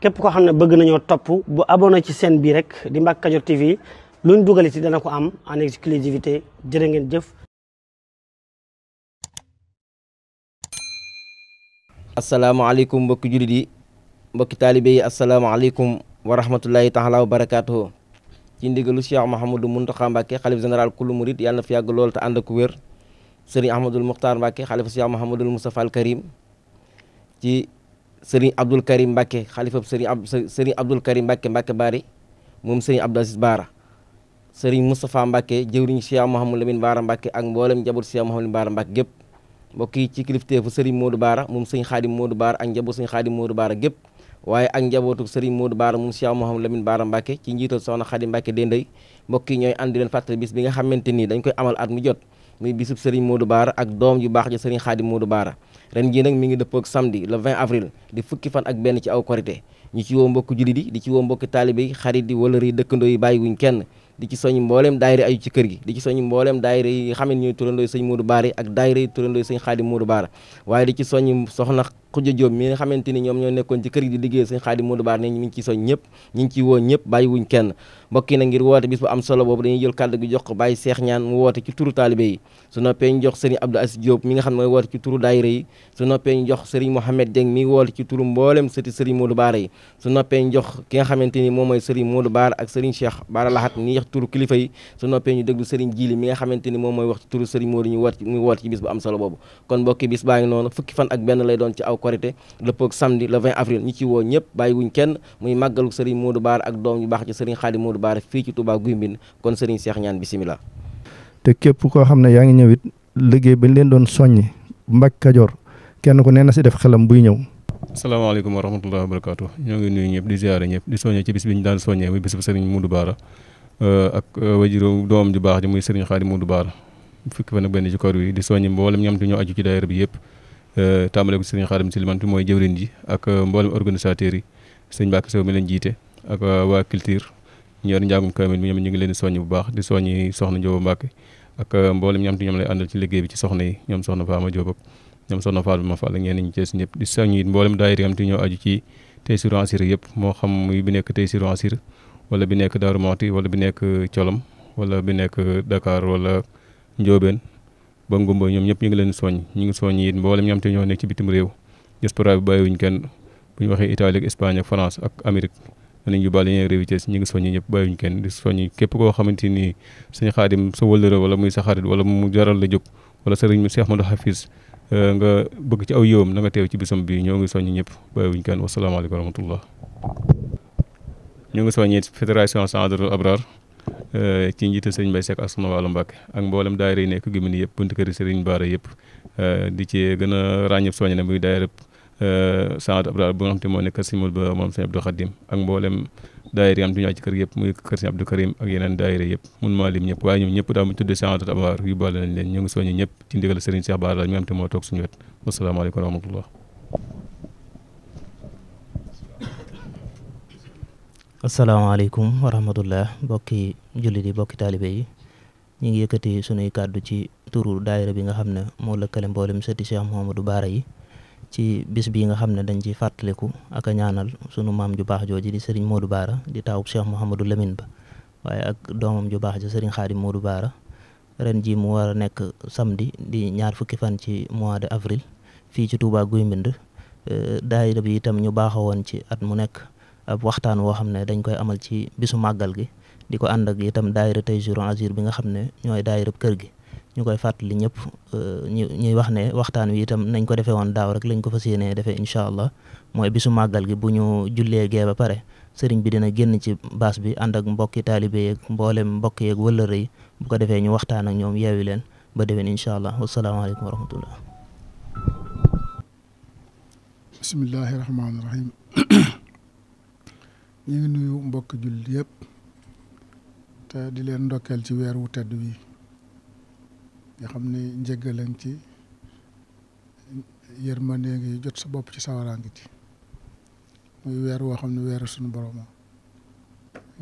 képp koo xam ne bëgg nañoo topp bu abonné ci seen bii rek di Mbacke Kadior TV lu ñu dugal ci dana ko am en exclusivité jërë ngeen jëf. asalaamaaleykum mbokki jullit yi mbokki taalibe yi asalaamaaleykum wa rahmatullahi taala wa barakaatuhu ci ndigalu Cheikh Mouhamadou Mountakha Mbacke xalif général kullu murid yàlla na fi yàgg lool te ànd ak wér sëriñ Ahmadul Muxtaar Mbacke xalifa Cheikh Mouhamadul Moustapha al ci. sëriñ Abdul Karim Mbacke xalifab sëriñ ab sëriñ Abdul Karim Mbacke Mbacke Bari moom sëriñ Abdou Aziz Baara sëriñ Moustapha Mbacke jëwriñ Cheikh Mouhamadou Lamine Baara Mbacke ak mboolem njaboot Cheikh Mouhamadou Lamine Baara Mbacke gépp mbokk yi ci kilifteefu sëriñ Modou Baara moom sëriñ Xaadim Modou Baara ak njaboot sëriñ Xaadim Modou Baara gépp waaye ak njabootu sëriñ Modou Baara moom Cheikh Mouhamadou Lamine Baara Mbacke ci njiital soxna Xaadim Mbacke Dendey mbokk yi ñooy ànd leen fàttali bis bi nga xamante nii dañ koy amal at mu jot muy bisub Serigne Modou Baara ak doom ju baax ji Serigne Khadim Modou Baara ren jii nag mi ngi dëppoog samedi le 20 avril di fukki fan ak benn ci aw korité ñu ci woo mbokki jullit di ci woo mbokki taalibe xarit yi wala ri dëkkandoo bàyyi wuñ kenn di ci soñ mbooleem daayira ayu ci kër gi di ci soñ mbooleem daayira yi nga xam ne ñooy turandooy sëñ Modou Baara yi ak daayira yi turandooy sëñ Khadim Modou Baara waaye di ci soñ soxna Xuja Jóob mi nga xamante ni ñoom ñoo nekkoon ci kër gi di mu nga xam ne mooy ni moom mooy sëriñ Moodu Baar ak sëriñ Cheikh Baara Lahat mi wax turu kilifa yi su noppee ñu déglu sëriñ ci turu sëriñ Moodu muy woote ci bis bu am solo boobu kon mbokki bis baa ngi noonu fukki fan ak benn lay doon ci aw korité lëppoog samedi le 20 avril ñi ci woo ñëpp bàyyi wuñ kenn muy màggalu sëriñ Modou Baar ak doom yu baax ci sëriñ Xaadim Modou Baar fii ci kon sëriñ Cheikh ñaan képp koo xam ne yaa ngi ñëwit liggéey bañ leen doon soññi Mbàkke Kajoor kenn ku nee na si def xelam buy ñëw asalaamaaleykum wa rahmatullahi ñoo ngi nuyu ñëpp di ziare ñëpp di bi ñu daan soññee muy bis bu sëriñ Modou Baara euh, ak euh, wajuróom doomam ju baax ji muy sëriñ Xaadim Modou Baara fukki fan ak benn ci koor wi di soññi mboolem ñam ci ñoo aju ci daayira bi yëpp Euh, tàmbale ko sëriñ Xaadim Silmantu mooy jëwrin ji ak euh, mboolem organisateurs yi sëñ Mbàkke Sow mi leen jiite ak euh, waa culture ñoor njàngum kaamil mi ñoom ñu ngi leen di soññ bu baax di soññ soxna Njóoba Mbàkke ak mboolem ñi am te ñoom lay àndal ci liggéey bi ci soxna yi ñoom soxna Faama Jóob ak ñoom soxna Faal ma Faal ñeneen ñi ci ñëpp di soññ it mboolem daayira am te ñoo aju ci tey sur Asir yëpp moo xam muy bi nekk tey sur Asir wala bi nekk Daaru Moxti wala bi nekk Colom wala bi nekk Dakar wala Njóobeen ba ngumba ñoom ñëpp ñu ngi leen soññ ñu ngi soññ it mboolem ñoom te ñoo nekk ci bitim réew diaspora bi bàyyiwuñ kenn bu ñu waxee Italie ak Espagne ak France ak Amérique nañ yu bàyyi réew yi ñu ngi soññi ñëpp bàyyiwuñ kenn di soññi képp koo xamante ni suñu xaadim sa wëllëre wala muy sa xarit wala mu jaral la jóg wala sëriñ Cheikh Ahmadou Hafiz eh, nga bëgg ci aw yëwam na nga teew ci bisam bi ñoo ngi soññi ñëpp kenn wasalaamaaleykum wa rahmatullah ñu ngi soññi fédération Saadatul Abrar Eh, ci njiital sëriñ Mbaye Seck ak sunu wàllu Mbàkke ak mboolem daayira yi nekk Gimini yëpp buntu kër sëriñ Baara yëpp eh, di ci gën a ràññëb soññe ne muy daayira eh, sant Abdoulaye bu nga xam te moo nekk kër sëriñ ba moom sëriñ Abdou Khadim ak mboolem daayira yi am ci ñoo ci kër yëpp muy kër sëriñ Abdou Karim ak yeneen daayira yëpp mun maa lim ñëpp waaye ñoom ñëpp daa mu tuddee sant Abdoulaye yu baale nañ leen ñu ngi soññu ñëpp ci ndigal sëriñ Cheikh Baara asalaamaaleykum wa rahmatullah bokki jullit yi bokki taalibe yi ñu ngi yëkkati sunuy kàddu ci turu daayira bi nga xam ne moo lëkkale mboolem sëti Cheikh Mouhamadou Baara yi ci bis bi nga xam ne dañ ci fàttaliku ak a ñaanal sunu maam ju baax jooji di sëriñ du Baara di taawub Cheikh Mouhamadou Lamine Ba waaye ak doomam ju baax ja sëriñ Xaadim du Baara ren ji mu war a nekk samedi di di ñaar fukki fan ci mois de avril fii ci Touba Guy Mbind eh, daayira bi itam ñu baaxoo woon ci at mu nekk ab waxtaan woo xam ne dañ koy amal ci bisu màggal gi di ko ànd ak itam daayira tey juron azur bi nga xam ne ñooy daayira kër gi ñu koy fàttali ñëpp euh, ñu ñuy wax ne waxtaan wi itam nañ ko defee woon daaw rek lañ ko fas yéenee defee incha allah mooy bisu màggal gi bu ñu jullee gee ba pare sëriñ bi dina génn ci baas bi ànd ak mbokki taalibe yeeg mboolem mbokk yeeg wëllëre yi bu ko defee ñu waxtaan ak ñoom yeewi leen ba déwén incha allah wasalaamaaleykum wa rahmatullah ñu nuyu mbokk jullit yépp te di leen ndokkeel ci weer wu tedd wi nga xam ni njëggala ngi ci yërmande ngi jot sa bopp ci sawaraa ci muy weer woo xam ne weeru suñu borom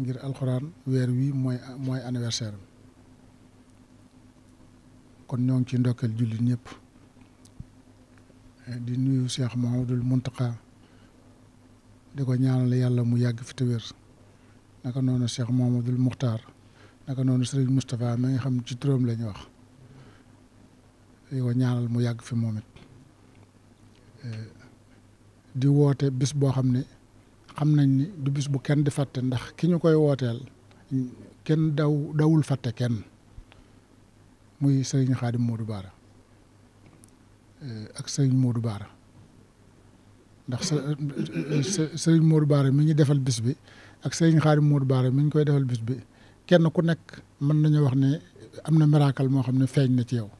ngir alxuraan weer wi mooy mooy anniversaire kon ñoo ngi ci ndokkeel jullit ñépp di nuyu Cheikh Mouhamadoul Mountakha di ko ñaanal yàlla mu yàgg fi te noonu naka noonu Cheikh Mouhamadoul Moukhtar naka noonu Serigne Moustapha mi nga xam ci turam la ñu wax di ko mu yàgg fi moomit eh, di woote bis boo xam ne xam nañ ni du bis bu kenn di fàtte ndax ki ñu koy wooteel kenn daw dawul fàtte kenn muy sëriñ Xaadim Modou Baara eh, ak sëriñ Modou Baara ndax sëriñ euh, Modou Bara mi ñu defal bis bi ak sëriñ Xaadim Modou Bara mi ñu koy defal bis bi kenn ku nekk mën nañu wax ne am na miracle moo xam ne feeñ na ci yow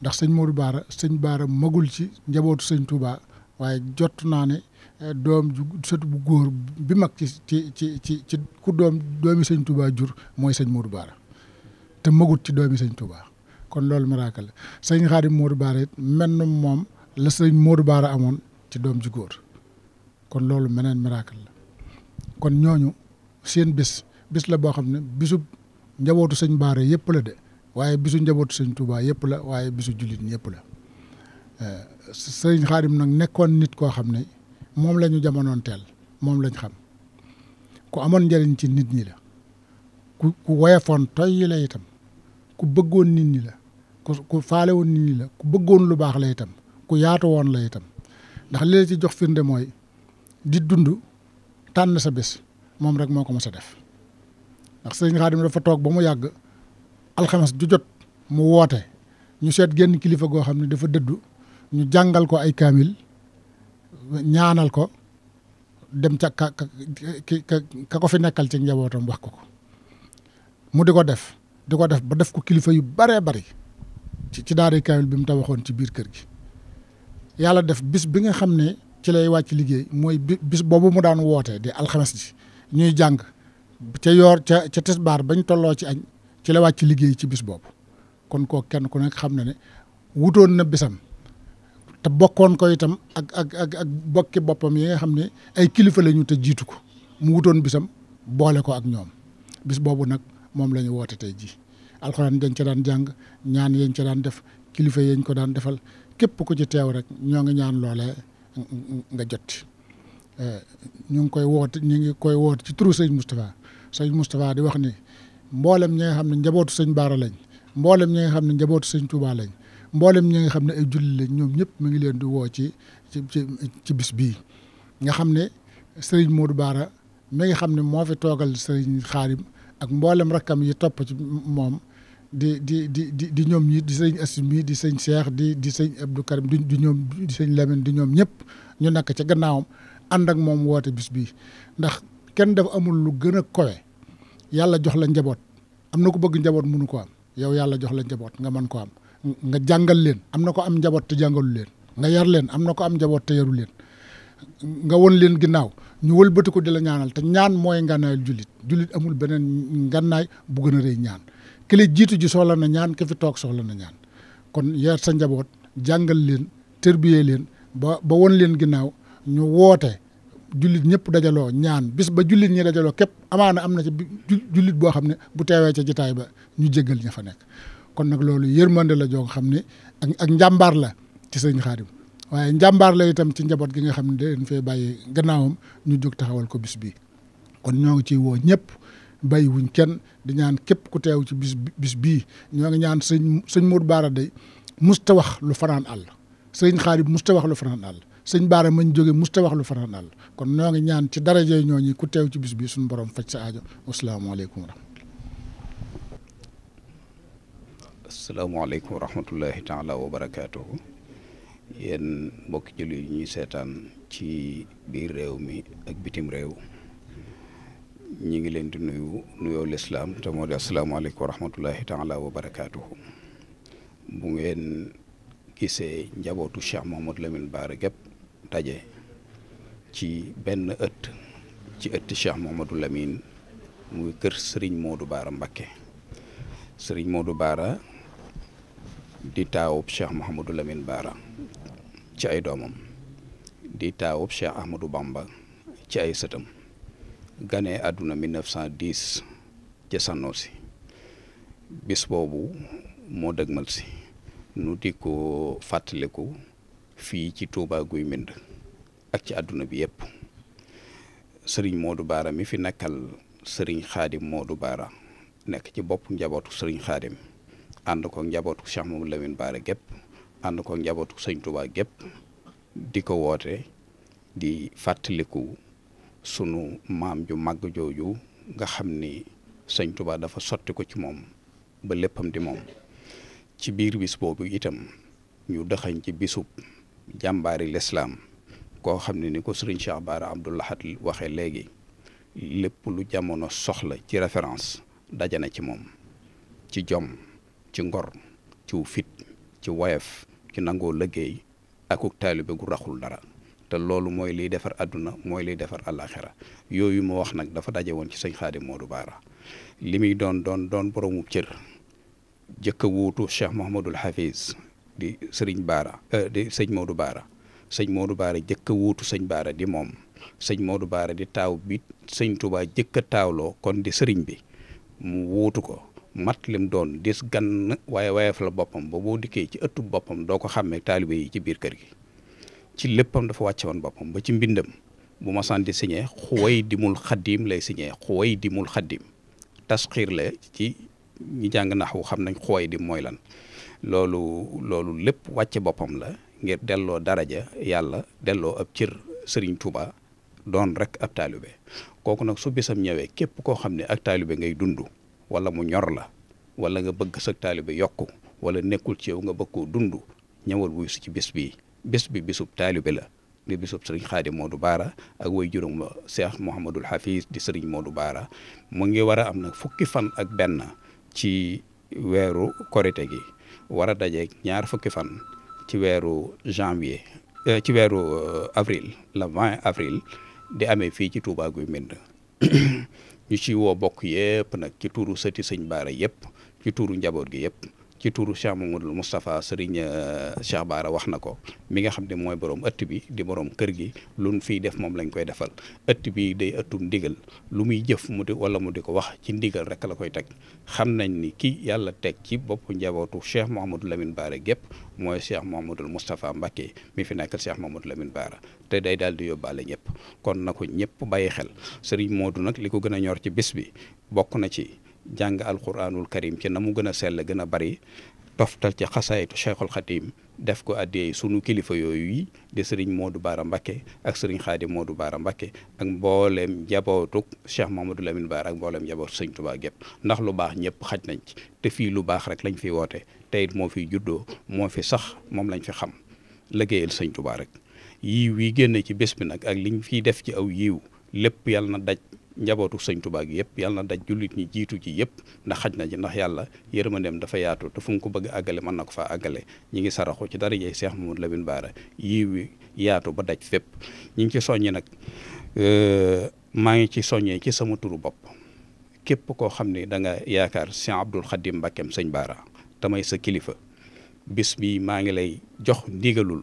ndax sëñ Modou Bara sëñ Bara magul ci njabootu sëñ Touba waaye jot naa ne euh, doom ju bu góor bi mag ci ci ci ci ci ku doom doomi sëñ Touba jur mooy sëñ Modou Bara te magut ci doomi sëñ Touba kon loolu miracle la sëñ Xaadim Modou Bara it mel na moom la sëñ moodu Bara amoon ci doom ju góor kon loolu meneen miracle la kon ñooñu seen bis bis la boo xam ne bisu njabootu sëñ Baara yëpp la de waaye bisu njabootu sëñ Touba yëpp la waaye bisu jullit ñëpp la eh, sëñ Xaadim nag nekkoon nit koo xam ne moom lañu ñu jamonoon teel moom lañ xam ku amoon njëriñ ci nit ñi la ku ku woyofoon toyy la itam ku bëggoon nit ñi la ku faale woon nit ñi la ku bëggoon lu baax la itam ku yaatu woon la itam ndax li la ci jox firnde mooy di dundu tànn sa bés moom rek moo ko mës a def ndax sëñ Xaadim dafa toog ba mu yàgg alxames ju jot mu woote ñu seet génn kilifa goo xam ne dafa dëddu ñu jàngal ko ay kaamil ñaanal ko dem ca ka ka ko fi nekkal ci njabootam wax ko ko mu di ko def di ko def ba def ko kilifa yu baree bari ci ci daara kaamil bi mu tabaxoon ci biir kër gi. yàlla def bis bi nga xam ne ci lay wàcc liggéey mooy bis boobu mu daan wootee di alxames ji ñuy jàng ca yoor ca ca tisbaar bañ tolloo ci añ ci la wàcc liggéey ci bis boobu kon ko kenn ku nekk xam na ne wutoon na bisam te bokkoon ko itam ak ak ak ak bokki boppam yi nga xam ne ay kilifa lañu te jiitu ko mu wutoon bisam boole ko ak ñoom bis boobu nag moom lañu woote tey jii alxuraan dañ ca daan jàng ñaan yañ ca daan def kilifa yañ ko daan defal képp ku ci teew rek ñoo ngi ñaan loole nga jot eh, ñu ngi koy woote ñu ngi koy woote ci turu sëñ Moustapha sëñ Moustapha di wax ni mboolem ñi nga xam ne njabootu sëñ Baara lañ mboolem ñi nga xam ne njabootu sëñ Touba lañ ñi nga xam ne ay julli lañ ñoom ñëpp mu ngi leen di woo ci ci bis bii nga xam ne sëriñ Modou Baara mi nga xam ne moo fi toogal sëriñ Xaarim ak mboolem rakkam yi topp ci moom di di di di di ñoom ñi di sëñ Asim mi di sëñ Cheikh di di sëñ Abdou Karim di di ñoom di sëñ lemin di ñoom ñëpp ñu nekk ca gannaawam ànd ak moom woote bis bii ndax kenn dafa amul lu gën a kowe yàlla jox la njaboot am na ko bëgg njaboot mënu ko am yow yàlla jox la njaboot nga mën ko am nga jàngal leen am na ko am njaboot te jàngalu leen nga yar leen am na ko am njaboot te yaru leen nga won leen ginnaaw ñu wëlbatiku di la ñaanal te ñaan mooy ngànnaayal jullit jullit amul beneen ngànnaay bu gën a rëy ñaan kële jiitu ji soxla na ñaan ka fi toog soxla na ñaan kon yar sa njaboot jàngal leen tërbiyee leen ba ba won leen ginnaaw ñu woote jullit ñëpp dajaloo ñaan bis ba jullit ñi dajaloo képp amaana am na ci jullit boo xam ne bu teewee ca jitaay ba ñu jéggal ña fa nekk kon nag loolu yërmande la joo xam ne ak ak njàmbaar la ci sëñ xaari waaye njàmbaar la itam ci njaboot gi nga xam ne dañ fee bàyyi gannaawam ñu jóg taxawal ko bis bii kon ñoo ngi ciy woo ñëpp bàyyi wuñ kenn di ñaan képp ku teew ci bis bii ñoo ngi ñaan sëñ sëñ Modou Baara day musta wax lu fanaan àll sëñ Xaalib musta wax lu fanaan àll sëñ Baara mañ jóge musta wax lu fanaan àll kon ñoo ngi ñaan ci daraje ñoo ñi ku teew ci bis bii suñu borom faj sa aajo asalaamaaleykum wa rahmatulah. asalaamaaleykum wa rahmatulahi taala wa barakaatuhu. yéen mbokki jullit ñuy seetaan ci biir réew mi ak bitim réew. ñi ngi leen di nuyu nuyoo lislaam te moo di asalaamaaleykum wa rahmatullahi taala wa barakaatuhu gisee njabootu Cheikh Mouhamadou Lamine Bara gépp daje ci benn ëtt ci ëtt Cheikh Mouhamadou Lamine muy kër sëriñ Modou baara Mbacké sëriñ moodu baara di taawub Cheikh Mouhamadou Lamine Bara ci ay doomam di taawub Cheikh Ahmadou Bamba ci ay sëtam gane àdduna 1910 ca Sanosi bis boobu moo dëgmal si nu di ko fàttaliku fii ci Touba Guy Mbind ak ci àdduna bi yëpp sëriñ Modou Baara mi fi nekkal sëriñ Xaadim Modou Baara nekk ci bopp njabootu sëriñ Xaadim ànd ko njabootu Cheikh Mamadou Lamine Baara njabootu sëñ gépp di ko woote di fàttaliku sunu maam ju màgg jooju nga xam ni sëñ Tuubaa dafa sotti ko ci moom ba léppam di moom ci biir bis boobu itam ñu dëxañ ci bisub jàmbaari lislaam koo xam ne ni ko sëriñ Cheikh Bara Abdou Lahad waxee léegi lépp lu jamono soxla ci référence daje na ci moom ci jom ci ngor ci fit ci woyof ci nangoo liggéey akuk taalibe gu raxul dara te loolu mooy liy defar àdduna mooy liy defar àllaaxira yooyu moo wax nag dafa daje woon ci sëñ Xaadim Moodu Baara li muy doon doon doon boroomu cër jëkk a wuutu Cheikh Mouhamadul Hafiz di sëriñ Baara euh, di sëñ Moodu Baara sëñ Moodu Baara jëkk a wuutu sëñ Baara di moom sëñ Moodu Baara di taaw bi sëñ Touba jëkk a taawloo kon di sëriñ bi mu wuutu ko mat lim doon dis gann waaye wayef la boppam ba boo dikkee ci ëttu boppam doo ko xàmmee taalibe yi ci biir kër gi ci léppam dafa wàcce woon boppam ba ci mbindam bu ma sant di signé xuway dimul xaddiim lay signé xuway mul xaddiim tasxiir la ci ñi jàng naxwu xam nañ xuway di mooy lan loolu loolu lépp wàcce boppam la ngir delloo daraja yàlla delloo ab cër sëriñ Touba doon rek ab taalibe kooku nag su bisam ñëwee képp koo xam ne ak taalibe ngay dund wala mu ñor la wala nga bëgg sa taalibe yokk wala nekkul ci yow nga bëgg koo dund ñëwal wuyu ci bis bii bés bi bésub taalibe la di bésub sëriñ xaadim Modou Baara ak way juróom la Cheikh Mouhamadul Hafiz di sëriñ Modou Baara mu ngi war a am nag fukki fan ak benn ci weeru korite gi war a dajeeg ñaar fukki fan ci weeru janvier euh, ci weeru euh, avril le 20 avril di amee fii ci Touba Guy Mbind ñu ci woo bokk yëpp nag ci tuuru sëti sëñ Baara yëpp ci tuuru njaboot gi yëpp ci tuuru Cheikh Mamadou Moustapha Serigne euh, Cheikh Baara wax na ko mi nga xam ne mooy borom ëtt bi di borom kër gi lu nu fiy def moom lañ koy defal ëtt bi day ëttum ndigal lu muy jëf mu di wala mu di ko wax ci ndigal rek la koy teg xam nañ ni ki yàlla teg ci boppu njabootu Cheikh Mouhamadou Lamine Baara gépp mooy Cheikh Mouhamadou Moustapha Mbacké mi fi nekkal Cheikh Mouhamadou Lamine Baara te day daal di yóbbaale ñëpp kon na ko ñëpp bàyyi xel Serigne moodu nag li ko gën a ñor ci bis bi bokk na ci. jàng alquranul karim ci na mu gën a sell gën a bari toftal ci xasaayitu cheikhul xatim def ko addee sunu kilifa yooyu yi di sëriñ Modou Baara Mbakke ak sëriñ Xaadim Modou Baara Mbakke ak mbooleem jabootuk Cheikh Mamadou Lamine Baara ak mbooleem jabootu sëñ Tuubaa gépp ndax lu baax ñëpp xaj nañ ci te fii lu baax rek lañ fi woote te moo fi juddoo moo fi sax moom lañ fi xam liggéeyal sëñ Tuubaa rek yiw yi génn ci bés bi nag ak liñ fiy def ci aw yiw lépp yàlla na daj njabootu sëñ Tuubaa gi yëpp yàlla daj jullit ñi jiitu ci yëpp ndax xaj na ci ndax yàlla yërmandeem dafa yaatu te fu mu ko bëgg àggale man na ko fa àggale ñi ngi saraxu ci dara jey Seex Mamadu Lamin Baara yii wi yaatu ba daj fépp ñi ngi ci soññi nag euh, maa ngi ci soññee ci sama turu bopp képp koo xam ne da nga yaakaar Seex Abdul Xadim Mbàkkeem sëñ Baara tamay sa kilifa bis bi maa ngi lay jox ndiigalul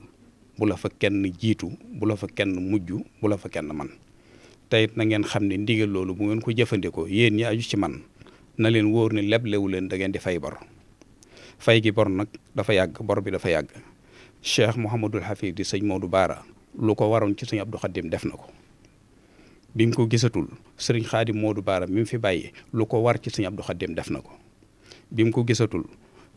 bu la fa kenn jiitu bu la fa kenn mujj bu la fa kenn man teyit na ngeen xam ne ndigal loolu bu ngeen ko jëfandikoo yéen ñi aju ci man na leen wóor ni leblewu leen da ngeen di fay bor fay gi bor nag dafa yàgg bor bi dafa yàgg cheikh mouhamadul hafiz di sëñ du Baara lu ko waroon ci sëñ ab Abdou Khadim def na ko bi mu ko gisatul sëriñ Xaadim du Baara mi mu fi bàyyi lu ko war ci sëñ Abdou Khadim def na ko bi mu ko gisatul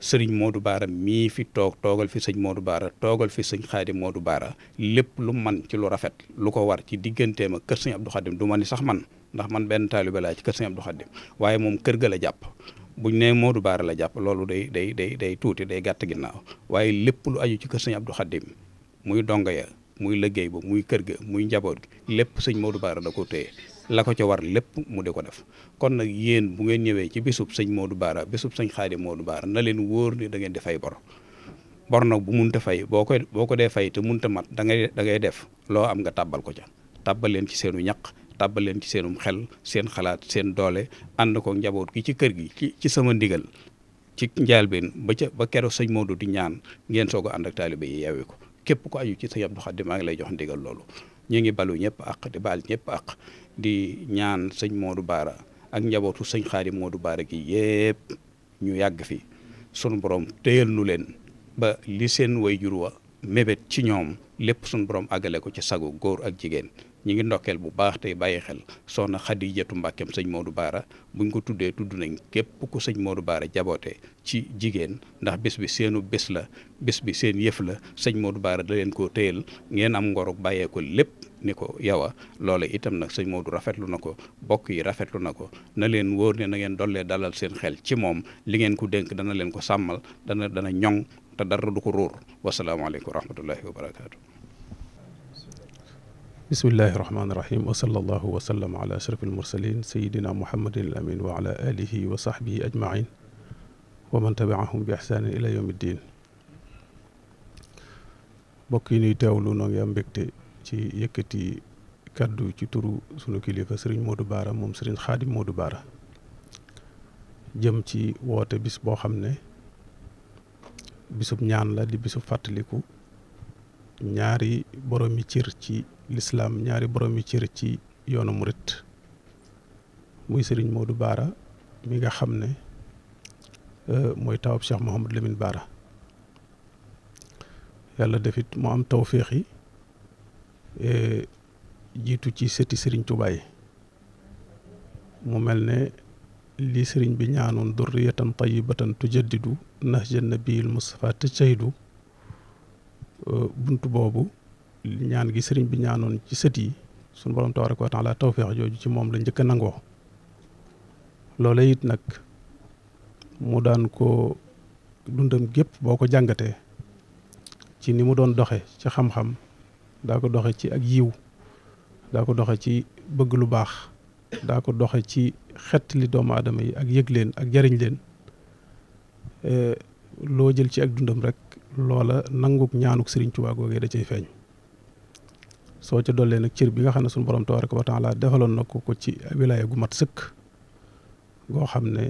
sëriñ du Baara mii fi toog toogal fi sëñ moo du Baara toogal fi sëñ Xaadim du Baara lépp lu man ci lu rafet lu ko war ci digganteem ak kër sëñ Abdou Khadim du ma ni sax man ndax man benn taalibe laa ci kër sëñ Abdou Khadim waaye moom kër ga la jàpp buñ nee moo du Baara la jàpp loolu day day day day tuuti day gàtt ginnaaw waaye lépp lu aju ci kër sëñ Abdou Khadim muy donga ya muy liggéey ba muy kër ga muy njaboot gi lépp sëñ du Baara da ko téye la ko ca war lépp mu di ko def kon nag yéen bu ngeen ñëwee ci bisub sëñ moodu Baara bisub sëñ Xaadim Modou Baara na leen wóor ni dangeen ngeen di fay bor bor nag bu mun munta fay boo ko boo ko dee fay te munta mat da ngay da def loo am nga tàbbal ko ca tàbbal leen ci seenu ñaq tàbbal leen ci seenum xel seen xalaat seen doole ànd ko njaboot gi ci kër gi ci ci sama ndigal ci njaalbeen ba ca ba keroog sëñ Modou di ñaan ngeen soog a ànd ak taalibe yi yeewee ko képp ko aju ci sëñ Abdou Xaadim maa ngi lay jox ndigal loolu ñu ngi balu ñëpp àq baal ñëpp àq di ñaan sëñ Modou Baara ak njabootu sëñ moo du Baara gi yëpp ñu yàgg fi sunu borom téyal nu leen ba li seen way jur wa mébét ci ñoom lépp sunu borom àggale ko ci sagu góor ak jigéen ñu ngi ndokkeel bu baax tey bàyyi xel soxna Xadijatu Mbàkkeem sëñ moo du Baara buñ ko tuddee tudd nañ képp ku sëñ du Baara jaboote ci jigéen ndax bis bi seenu bés la bés bi seen yëf la sëñ du Baara da leen koo téyel ngeen am ngorog bàyyee ko lépp ni ko yowa loole itam nag sëñ Modou rafetlu na ko bokk yi rafetlu na ko na leen wóor ne na ngeen dollee dalal seen xel ci moom li ngeen ko dénk dana leen ko sàmmal dana dana ñoŋ te dara du ko róor wasalaamaaleykum wa rahmatullahi wa barakaatu bismillahi irahmaani irahim wa sallallahu wa sallam ala ashraf almursalin sayidina amin wa ala wa sahbihi ajmain wa man tabiahum bi ihsanin ila yawmi ddin mbokk yi ñuy teewlu noo ngi am mbégte ci yëkkati kàddu ci turu sunu kilifa sëriñ Modou Bara moom sëriñ Xaadim Modou Bara jëm ci woote bis boo xam ne bisub ñaan la di bisub fàttaliku ñaari boroomi cir ci lislaam ñaari borom yi ci yoonu murit muy sëriñ Modou Baara mi nga xam ne euh, mooy tawab Cheikh Mouhamadou Lamine Baara yàlla defit mu am tawféex e, jiitu ci sëti sëriñ Tuubaa mu mel ne lii sëriñ bi ñaanoon durriyatan tayyibatan tujaddidu nahja nabiyil Mustafa tajtahidu euh, bunt boobu ñaan gi sëriñ bi ñaanoon ci sët yi sunu borom tax wa taala tawféex jooju ci moom la njëkk a nangoo loola it nag mu daan ko dundam gépp boo ko jàngatee ci ni mu doon doxe ci xam-xam daa ko doxe ci ak yiw daa ko doxe ci bëgg lu baax daa ko doxe ci xett doomu aadama yi ak yëg leen ak jariñ leen eh, loo jël ci ak dundam rek loola nanguk ñaanuk Sëriñ Tuubaa googee da cay feeñ soo ca dollee nag cër bi nga xam ne suñu borom tabaraka wa taala defaloon na ko ko ci wilaaya gu mat sëkk goo xam ne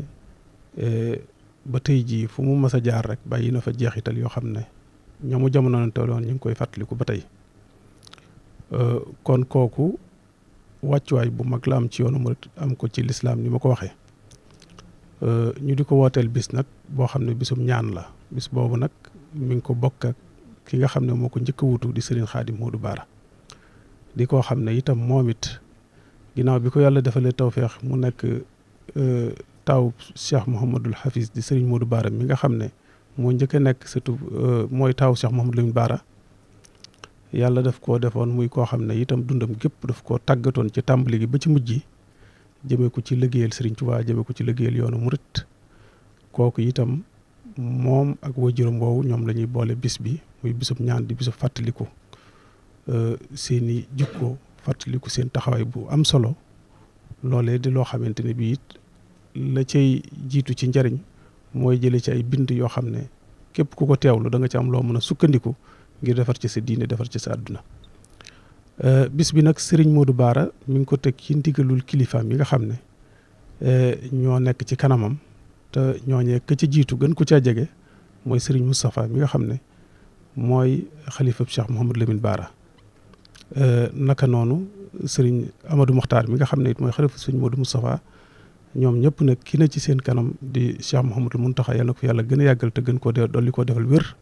e, ba tey jii fu mu mas a jaar rek bàyyi na fa jeexital yoo xam ne ñamu jamono na tolloon ñu ngi koy fàttaliku ba tey e, kon kooku wàccuwaay bu mag la am ci yoonu murit am ko ci lislaam ni ma ko waxee e, ñu di ko wooteel bis nag boo xam ne bisum ñaan la bis boobu nag mu ngi ko bokk ak ki nga xam ne moo ko njëkk wutu di Serigne Khadim Modou Bara di koo xam ne itam moom it ginnaaw bi ko yàlla defalee tawféex mu nekk euh, taw Cheikh Mouhamadul Hafiz di Serigne Modou Baara mi nga xam ne moo njëkk a nekk surtout euh, mooy taw Cheikh Mouhamadul Lamine Baara yàlla daf koo defoon muy koo xam ne itam dundam gépp daf koo tàggatoon ci tàmbali ba ci mujj jëmee ko ci liggéeyal Serigne Touba jëmee ko ci liggéeyal yoonu murit kooku itam moom ak wajuram woowu ñoom la ñuy boole bis bi muy bisub ñaan di bisub fàttaliku. Euh, seeni i jikko fàttaliku seen taxawaay bu am solo loolee di loo xamante ne bii it la cay jiitu ci njariñ mooy jëlee ci ay bind yoo xam ne képp ku ko teewlu da nga ci am loo mën a sukkandiku ngir defar ci sa diine defar ci sa àdduna euh, bis bi nag Serigne Modou Baara mi ngi ko teg ci ndigalul kilifaam yi nga xam ne euh, ñoo nekk ci kanamam te ñooñee ka ca jiitu gën ku caa jege mooy Serigne Moustapha mi nga xam ne mooy xalifab Cheikh Mouhamadou Lamine Baara Euh, naka noonu sëriñ Amadou Mokhtar mi nga xam ne it mooy suñ sëriñ Modou Moustapha ñoom ñëpp nag ki na ci seen kanam di Cheikh Mouhamadul mun yàlla na ko fi yàlla gën a yàggal te gën koo dolli koo defal wér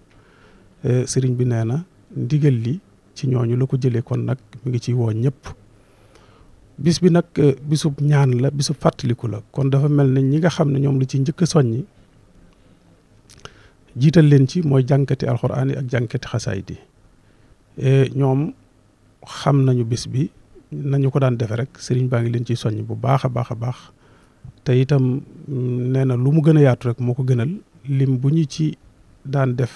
euh, sëriñ bi nee na ndigal li ci ñooñu la ko jëlee kon nag mu ngi ciy woo ñëpp. bis bi nag euh, bisu ñaan la bisu fàttaliku la kon dafa mel ne ñi nga xam ne ñoom la ci njëkk a soññi jiital leen ci mooy jànkati alxuraan yi ak jànkati xasaayid yi ñoom xam nañu bis bi nañu ko daan defe rek sëriñ baa ngi leen ciy soññ bu baax a baax a baax te itam mm, nee na lu mu gën a yaatu rek moo ko gënal lim bu ñu ci daan def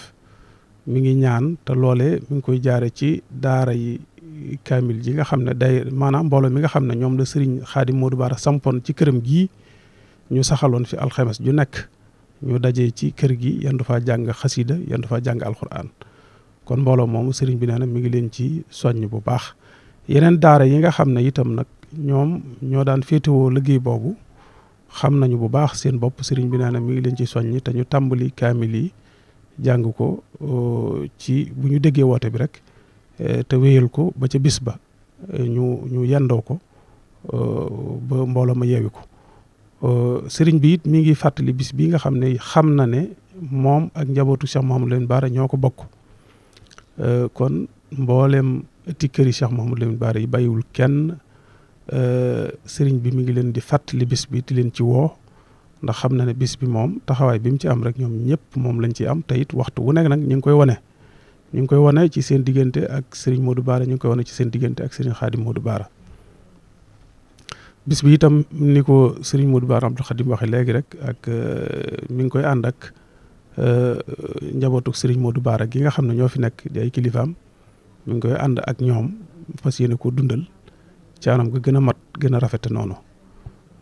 mu ngi ñaan te loole mu ngi koy jaare ci daara yi kaamil ji nga xam ne day maanaam mbooloo mi nga xam ne ñoom la sëriñ Xaadim du baara sampoon ci këram gi ñu saxaloon fi alxemes ju nekk ñu dajee ci kër gi yendu faa jàng xasida yendu faa jàng alxuraan kon mbooloo moomu sëriñ bi nee na mi ngi leen ci soññ bu baax yeneen daara yi nga xam ne itam nag ñoom ñoo daan féetewoo liggéey boobu xam nañu bu baax seen bopp sëriñ bi nee na mi ngi leen ci soññ te tàmbali kaamil jàng ko ci bu ñu déggee woote bi rek e, te ko ba ca bis ba e, ñu ñu yendoo ko ba mbooloo ma yeewi ko sëriñ bi mi ngi fàttali bis bi nga xam ne xam na ne moom ak njabootu Cheikh moom leen Bara ñoo ko bokk Euh, kon mboolem ti kër yi Cheikh Mouhamadou Lamine Bara yi bàyyiwul kenn euh, sëriñ bi mi ngi leen di fàttali bis bi di leen ci woo ndax xam na ne bis bi moom taxawaay bi mu ci am rek ñoom ñëpp moom lañ ci am te it waxtu wu nekk nag ñu ngi koy wane. ñu ngi koy wane ci seen diggante ak sëriñ Modou Bara ñu ngi koy wane ci seen diggante ak sëriñ Xaadim Modou Bara bis bi itam ni ko sëriñ Modou Bara Abdou Xaadim waxe léegi rek ak euh, mi ngi koy ànd ak. Euh, njabootuk Serigne Modou Bara gi nga xam ne ñoo fi nekk di ay kilifaam ñu ngi koy ànd ak ñoom fas yéene ko dundal ci anam ga gën a mat gën a rafete noonu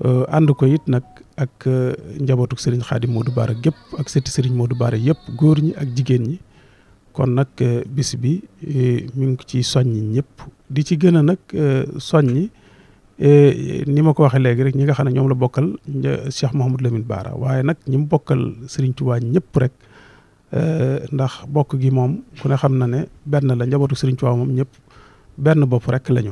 euh, ànd ko it nag ak euh, njabootuk Serigne Khadim Modou Bara gépp ak sëtti Serigne du Bara yëpp góor ñi ak jigéen ñi kon nag bis bi mi ngi ciy soññi ñëpp di ci gën a nag soññi Eh, ni ma ko waxee léegi rek ñi nga xam ne ñoom la bokkal Cheikh Mouhamadou Lamine Bara waaye nag ñi mu bokkal Serigne Touba ñëpp rek eh, ndax bokk gi moom ne xam na ne benn la njabootu Serigne Touba moom ñëpp benn bopp rek lañu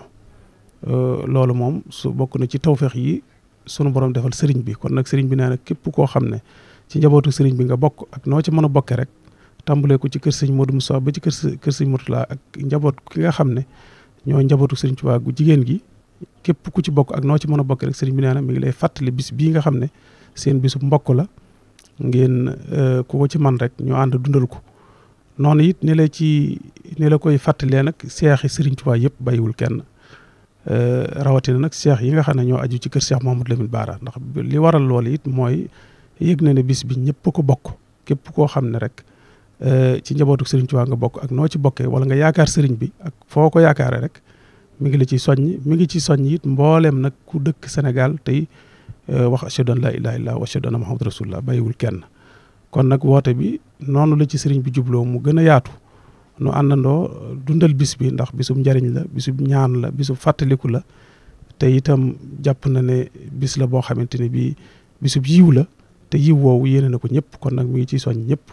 eh, loolu moom su bokk na ci tawféex yi sunu borom defal Serigne bi kon nag Serigne bi nee na képp koo xam ne ci njabootu Serigne bi nga bokk ak noo ci mën a bokke rek tàmbalee ko ci kër Serigne Modou Moussa ba ci kër kër Serigne Mourtala ak njaboot ki nga xam ne ñoo njabootu Serigne Touba gu jigéen gi. képp ku ci bokk ak noo ci mën a bokk rek sëriñ bi nee na mi ngi lay fàttali bis bi nga xam ne seen bisu mbokk la ngeen euh, ku ko ci man rek ñu ànd dundal ko noonu it ni la ci ni la koy fàttalee nag seexi sëriñ Tuubaa yëpp bàyyiwul kenn euh, rawatina nag seex yi nga xam ne ñoo aju ci kër seex Mamadou Lamine Baara ndax li waral lool it mooy yëg na ne bis bi ñëpp ko bokk képp koo xam ne rek euh, ci njabootu sëriñ Tuubaa nga bokk ak noo ci bokkee wala nga yaakaar sëriñ bi ak foo ko yaakaaree rek mi ngi la ci soññ mi ngi ci soññ it mbooleem nag ku dëkk Sénégal tey euh, wax ashhadu an laa ilaaha illallaah wa ashhadu anna muhammadan rasulullah bàyyiwul kenn kon nag woote bi noonu la ci sëriñ bi jubloo mu gën a yaatu nu àndandoo dundal bis bi ndax bisub njariñ la bisub ñaan la bisub fàttaliku la te itam jàpp na ne bis la boo xamante ne bii bisub yiw la te yiw woowu yeneen na ko ñëpp kon nag mu ngi ciy soññ ñëpp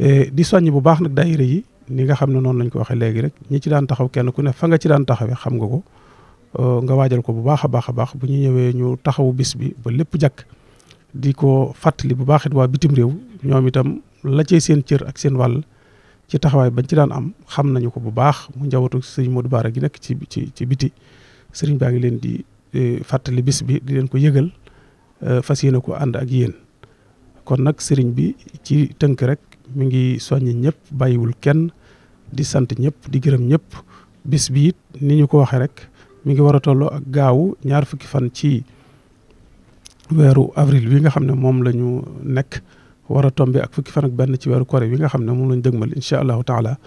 euh, di soññ bu baax nag daayira yi ni nga xam ne noonu lañ ko waxee léegi rek ñi ci daan taxaw kenn ku ne fa nga ci daan taxawee xam nga ko euh, nga waajal ko bu baax a baax a baax bu ñu ñëwee ñu taxawu bis bi ba lépp jàkk di ko fàttali bu baax it bitim réew ñoom itam la cee seen cër ak seen wàll ci taxawaay bañ ci daan am xam nañu ko bu baax mu njabootu sëñ Modou Bara gi nekk ci ci ci biti sëriñ baa ngi leen di fàttali bis bi di leen ko yëgal euh, fas yéene ko ànd ak yéen kon nag sëriñ bi ci tënk rek mi ngi soññ ñëpp bàyyiwul kenn di sant ñëpp di gërëm ñëpp bis bi ni ñu ko waxee rek mi ngi war a tolloo ak gaaw ñaar fukki fan ci weeru avril wi nga xam ne moom la ñu nekk wara a tombe ak fukki fan ak benn ci weeru kore wi nga xam ne moom la ñu dëgmal incha allahu taala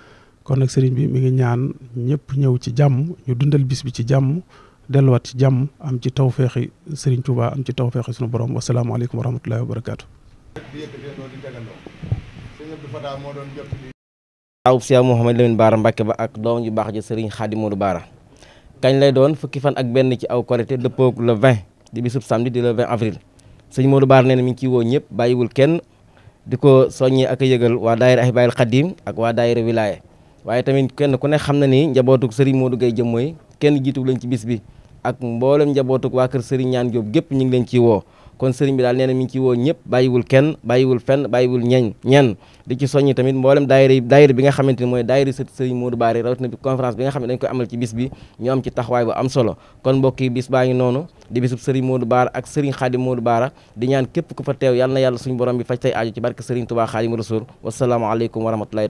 kon nag sëriñ bi mi ngi ñaan ñëpp ñëw ci jàmm ñu dundal bis bi ci jàmm delluwaat ci jàmm am ci taw tawféexi sëriñ Touba am ci taw tawféexi sunu borom wasalaamaaleykum wa rahmatullahi wa barakaatu. aw Cheikh Mouhamed Lamine Baara Mbacke ba ak doom ju baax ji Serigne Khadim Modou Baara kañ lay doon fukki fan ak benn ci aw Korité dëppoog le 20 di bisub samedi di le 20 avril sëñ Modou Baara nee na mi ciy woo ñëpp bàyyiwul kenn di ko soññee ak a yëgal waa ay Ahibahil Khadim ak waa daayira Wilaya waaye tamit kenn ku ne xam na ni njabootug Serigne Modou gay jëm mooy kenn jiitu lañ ci bis bi ak mboolem njabootug waa kër Serigne Ñaan Diop gépp ñu ngi leen ciy woo kon sëriñ bi daal nee na mi ngi ci woo ñëpp bàyyiwul kenn bàyyiwul fenn bàyyiwul ñeñ ñenn di ci soññi tamit mboolem daayira daayira bi nga xamante ni mooy daayira sët sëriñ Modou Bara rawatina bi conférence bi nga xam ne dañ koy amal ci bis bi ñu am ci taxawaay bu am solo kon mbokk yi bis baa ngi noonu di bisub sëriñ Modou Bara ak sëriñ Xaadim Modou Bara di ñaan képp ku fa teew yàlla na yàlla suñu borom bi faj tay aaju ci barke sëriñ Tuubaa Xaadimu Rasuul wasalaamu aleykum wa rahmatullahi